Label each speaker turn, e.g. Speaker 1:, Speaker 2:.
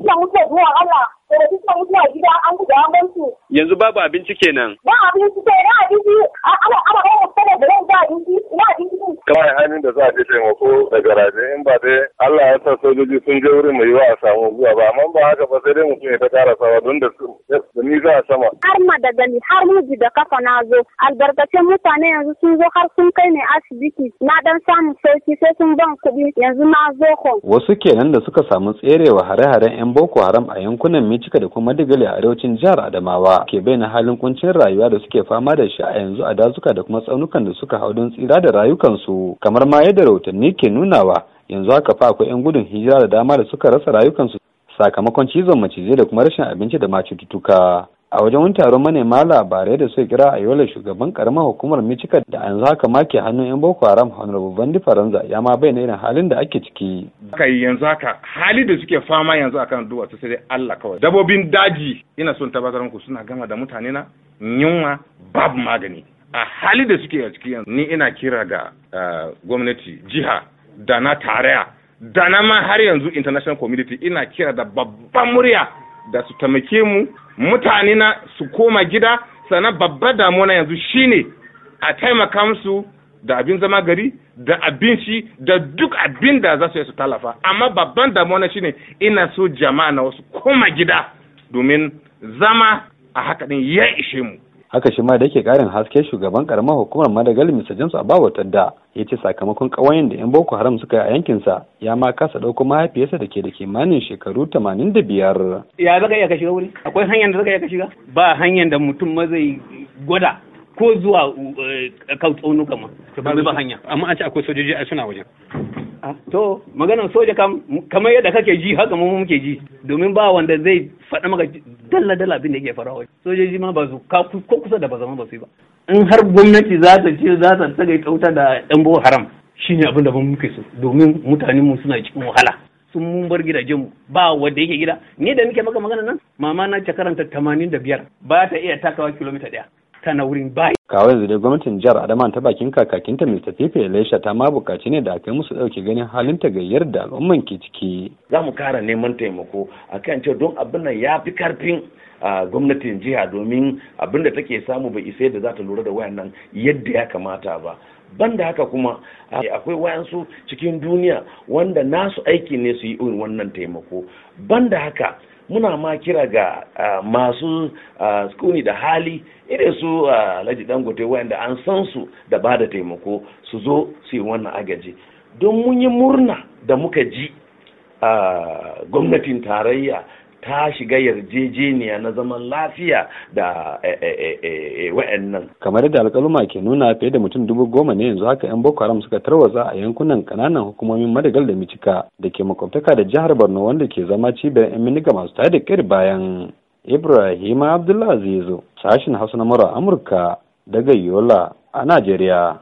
Speaker 1: tutiya muke zuwa Allah, da tutiya muke gida an guda an su.
Speaker 2: Yanzu babu abinci kenan.
Speaker 1: Ba abinci kenan.
Speaker 3: da za a je taimako da garaje in ba dai Allah ya sa sojoji sun je wurin mai yiwa a samu guwa ba amma ba haka ba sai dai mutum ya ta kara sawa don da su da ni za a sama.
Speaker 1: Har ma da gani har muji da kafa na zo albarkacin mutane yanzu sun zo har sun kai ne asibiti na dan samun sauki sai sun ban kuɗi yanzu na zo kon.
Speaker 2: Wasu kenan da suka samu tserewa hare-haren 'yan Boko Haram a yankunan Micika da kuma Digali a arewacin jihar Adamawa ke bayyana halin kuncin rayuwa da suke fama da shi a yanzu a dazuka da kuma tsaunukan da suka hau don tsira da rayukansu kamar ma amma da rahotanni ke nunawa yanzu haka fa akwai 'yan gudun hijira da dama da suka rasa rayukansu sakamakon cizon macizai da kuma rashin abinci da ma cututtuka a wajen wani taron manema labarai da suka kira a yola shugaban karamar hukumar michigan da a yanzu haka ma ke hannun yan boko haram honorable bandi faranza ya ma bayyana irin halin da ake ciki
Speaker 4: haka yanzu haka hali da suke fama yanzu akan duwatsu sai dai allah kawai dabobin daji ina son tabbatar muku suna gama da mutane na yunwa babu magani a hali da suke a ciki yanzu ni ina kira ga gwamnati jiha da na tarayya da na ma har yanzu international community ina kira da babban murya da su taimake mu mutane na su koma gida sannan babban damuwa na yanzu shine a taimaka musu da abin zama gari da abinci da duk abin da za su yi su talafa amma babban damuwa na shine ina so jama'a na wasu koma gida domin zama a haka din ya ishe mu
Speaker 2: haka shi ma da yake karin haske shugaban karamar hukumar madagali mr james abawa tadda ya ce sakamakon kawayen da yan boko haram suka yi a yankinsa ya ma kasa dauko mahaifiyarsa da ke da kimanin shekaru tamanin da biyar.
Speaker 1: ya zaka iya ka wuri akwai hanyar da zaka iya ka shiga ba hanyar da mutum ma zai gwada ko zuwa eh, kautsaunuka ma ba hanya amma an ce akwai
Speaker 2: sojoji a suna wajen
Speaker 1: to maganar soja kam kamar yadda kake ji haka mu muke ji domin ba wanda zai faɗa maka dalla dalla abin da yake farawa sojoji ma ba su ko kusa da ba zama ba su ba in har gwamnati za ta ce za ta tsagai tauta da ɗan boko haram shine abin da muke so domin mutanen mu suna cikin wahala sun mun bar gidajenmu ba wanda yake gida ni da nake maka magana nan mama na ta karanta 85 ba ta iya takawa kilomita
Speaker 3: daya ta na wurin bayi.
Speaker 2: Kawo yanzu dai gwamnatin jihar Adama ta bakin kakakinta Mr. Pepe Elisha ta ma bukaci ne da kai musu dauke ganin halin ta gayyar da al'umman ke ciki.
Speaker 3: Za mu kara neman taimako akan cewa don abin nan ya fi karfin gwamnatin jiha domin abin da take samu bai isa yadda za ta lura da wayannan yadda ya kamata ba. banda haka kuma akwai wayansu cikin duniya wanda nasu aiki ne su yi irin wannan taimako banda haka muna ma kira ga masu skuni da hali irin su alhaji dangote wanda an san su da ba da taimako su zo su yi wannan agaji don mun yi murna da muka ji gwamnatin tarayya ta shiga yarjejeniya na zaman lafiya da eh, eh,
Speaker 2: eh, wa'annan. kamar yadda alkaluma ke nuna fiye da mutum dubu goma ne yanzu haka 'yan boko haram suka tarwatsa a yankunan kananan hukumomin madagal da micika da ke makwabtaka da jihar borno wanda ke zama cibiyar 'yan miniga masu da kiri bayan ibrahim abdullahi zizo sashen hausa na mura amurka daga yola a najeriya